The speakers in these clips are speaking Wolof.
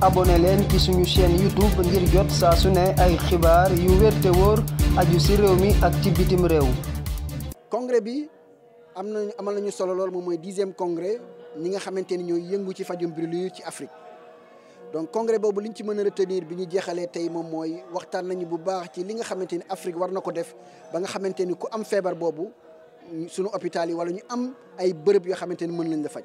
abonné leen ci suñu chaîne YouTube ngir jot saa su ne ay xibaar yu wér te wóor aju si réew mi ak ci bitim réew. congrès bi am nañu amal nañu solo lool moom mooy dixième congrès ñi nga xamante ni ñooy yëngu ci fajum brûlure ci Afrique donc congrès boobu liñ ci mën a retenir bi ñu jeexalee tey moom mooy waxtaan nañu bu baax ci li nga xamante ni Afrique war na ko def ba nga xamante ni ku am feebar boobu. sunu hôpital yi wala ñu am ay bërëb yoo xamante ni mën lañ faj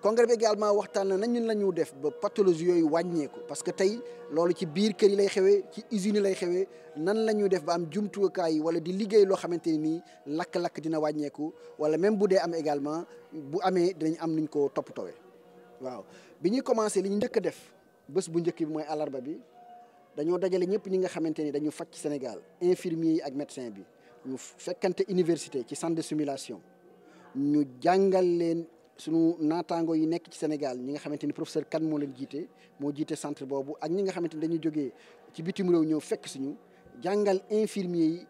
congrès bi également waxtaan na nañ ñun la ñu def ba pathologie yooyu wàññeeku parce que tey loolu ci biir kër yi lay xewee ci usines yi lay xewee nan la ñuy def ba am jumtukaay yi wala di liggéey loo xamante ne nii lakk-lakk dina wàññeeku wala même bu dee am également bu amee dinañ am nuñ ko toppatoowee waaw bi ñuy commencé li ñu njëkk a def bés bu njëkk bi mooy alarba bi dañoo dajale ñëpp ñi nga xamante ni dañu faj ci Sénégal infirmier yi ak médecin bi ñu fekkante université ci centre de sunu naataango yi nekk ci Sénégal ñi nga xamante ni professeur kan moo leen jiite moo jiite centre boobu ak ñi nga xamante ni dañuy jógee ci bitim réew ñëw fekk suñu jàngal infirmier yi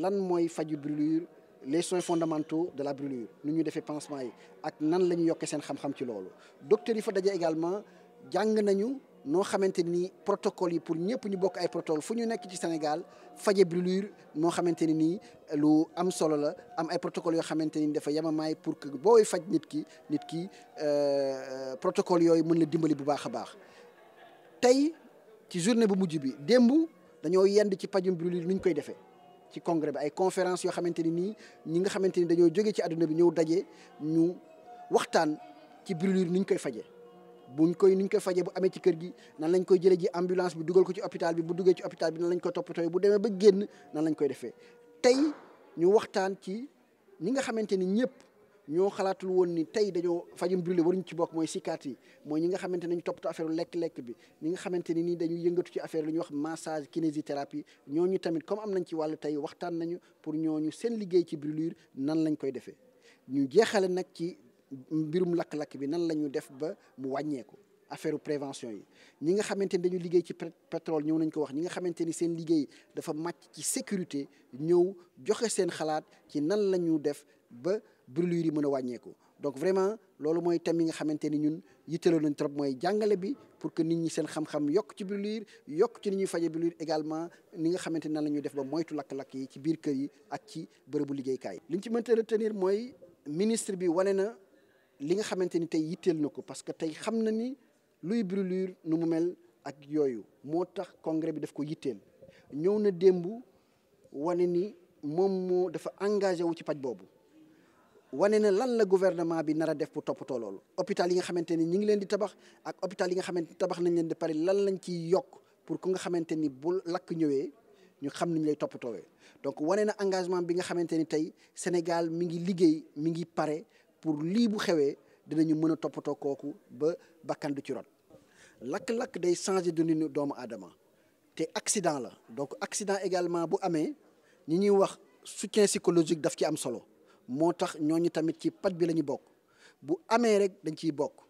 lan mooy faju brûlure les soins fondamentaux de la brûlure nu ñu defee pansement yi ak nan la ñu yokkee seen xam-xam ci loolu docteur yi fa daje également jàng nañu. noo xamante ni protocole yi pour ñëpp ñu bokk ay protocole fu ñu nekk ci Sénégal faje brûlure moo xamante ne nii lu am solo la am ay protocole yoo xamante ni dafa yamamaay pour que booy faj nit ki nit ki euh, protocole yooyu mën la dimbali bu baax a baax tey ci journée bu mujj bi démb dañoo yend ci pajum brûlure ni ñu koy defee ci congrès bi ay conférence yoo xamante ni nii ñi nga xamante ni dañoo jóge ci àdduna bi ñëw daje ñu waxtaan ci brûlure ni koy faje buñ koy nuñ koy fajee bu amee ci kër gi nan lañ koy jëlee ji ambulance bi dugal ko ci hôpital bi bu duggee ci hôpital bi nan lañ koy bu demee ba génn nan lañ koy defee tey ñu waxtaan ci ñi nga xamante ni ñëpp ñoo xalaatul woon ni tey dañoo fajum brûlé waruñ ci bokk mooy sikkaat yi mooy ñi nga xamante ne ñu affaire lekk-lekk bi nga xamante ni nii dañuy ci affaire lu ñuy wax massage kinésithérapie ñooñu tamit comme am nañ ci wàllu tey waxtaan nañu pour ñooñu seen liggéey ci brûlure nan lañ koy defee ñu jeexale nag ci mbirum lakk-lakk bi nan la ñu def ba mu wàññeeku affaire prévention yi ñi nga xamante ni dañu liggéey ci pétrole ñëw nañ ko wax ñi nga xamante ni seen liggéey dafa màcc ci sécurité ñëw joxe seen xalaat ci nan la ñu def ba brûlure yi mën a wàññeeku donc vraiment loolu mooy thème yi nga xamante ni ñun yitteeloo nañ trop mooy jàngale bi pour que nit ñi seen xam-xam yokk ci brûlure yokk ci ni ñuy faje brûlure également ni nga xamante nan la ñuy def ba moytu lakk-lakk yi ci biir kër yi ak ci bërëbu liggéeykaay liñ ci mënta retenir mooy ministre bi li nga xamante ni tey yitteel na ko parce que tey xam na ni luy brûlure nu mu mel ak yooyu moo tax congrès bi def ko yitteel ñëw na démb wane ni moom moo dafa engagé wu ci paj boobu wane na lan la gouvernement bi nar a def pour toppatoo loolu hôpital yi nga xamante ni ñi ngi leen di tabax ak hôpital yi nga xamante ni tabax nañ leen di pare lan lañ ciy yokk pour ku nga xamante ni bu lakk ñëwee ñu xam niñ lay toppatoowee donc wane na engagement bi nga xamante ni tey Sénégal mi ngi liggéey mi ngi pare pour lii bu xewee dinañu mën a toppatoo kooku ba bakkan du ci rot lakk-lakk day changer dundinu doomu aadama te accident la donc accident également bu amee ñi ñuy wax soutien psychologique daf ci am solo moo tax ñooñu tamit ci pat bi la ñu bokk bu amee rek dañ ciy bokk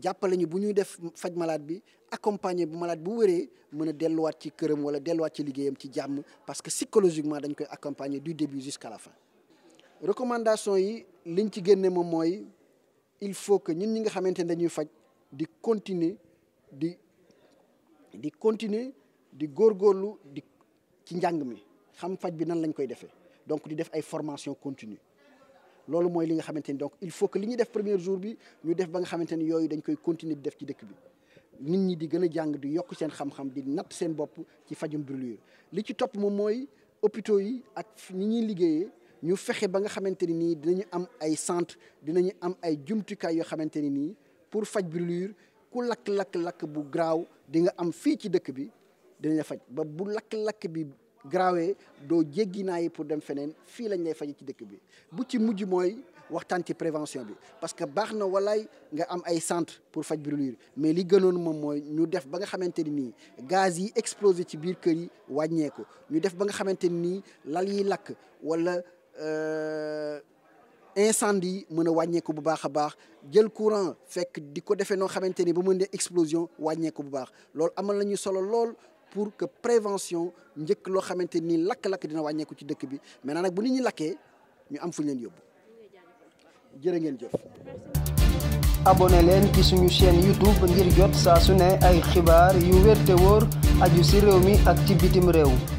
jàppale ñu bu ñuy def faj malaat bi accompagner bu malaat bu wéree mën a delluwaat ci këram wala delluwaat ci liggéeyam ci jàmm parce que psychologiquement dañ koy accompagner du début jusqu'à la liñ ci génne moom mooy il faut que ñun ñi nga xamante ne dañuy faj di continuer di di continuer di góor góorgóorlu di ci njàng mi xam faj bi nan lañ koy defee donc di def ay formation continue loolu mooy li nga xamante ni donc il faut que li ñuy def premier jour bi ñu def ba nga xamante ni yooyu dañ koy continuer di def ci dëkk bi nit ñi di gën a jàng di yokk seen xam-xam di natt seen bopp ci fajum brûlure li ci topp moom mooy hôpitaux yi ak ni ñuy liggéeyee ñu fexe ba nga xamante ni nii dinañu am ay centre dinañu am ay jumtukaay yoo xamante ni nii pour faj brûlure ku lakk-lakk-lakk bu garaaw di nga am fii ci dëkk bi dinañ la faj ba bu lakk-lakk bi grawee doo jéggi naa yi pour dem feneen fii lañ lay faje ci dëkk bi bu ci mujj mooy waxtaan ci prévention bi parce que baax na walaay nga am ay centre pour faj brûlure mais li gënoon moom mooy ñu def ba nga xamante ni nii gaz yi explosé ci biir kër yi wàññeeku ñu def ba nga xamante ni nii lal yi lakk wala Euh, incendie mën a wàññeeku bu baax a baax jël courant fekk di ko defee noo xamante ni ba mën ne explosion wàññeeku bu baax loolu amal nañu solo lool pour que prévention njëkk loo xamante ni lakk-lakk dina wàññeeku ci dëkk bi maintenant nag bu nit ñi lakkee ñu am fu ñu leen yóbbu jërë ngeen jëf. abonné leen suñu chaîne YouTube ngir jot saa su ne ay xibaar yu wér woor wóor aju si réew mi ak ci bitim réew.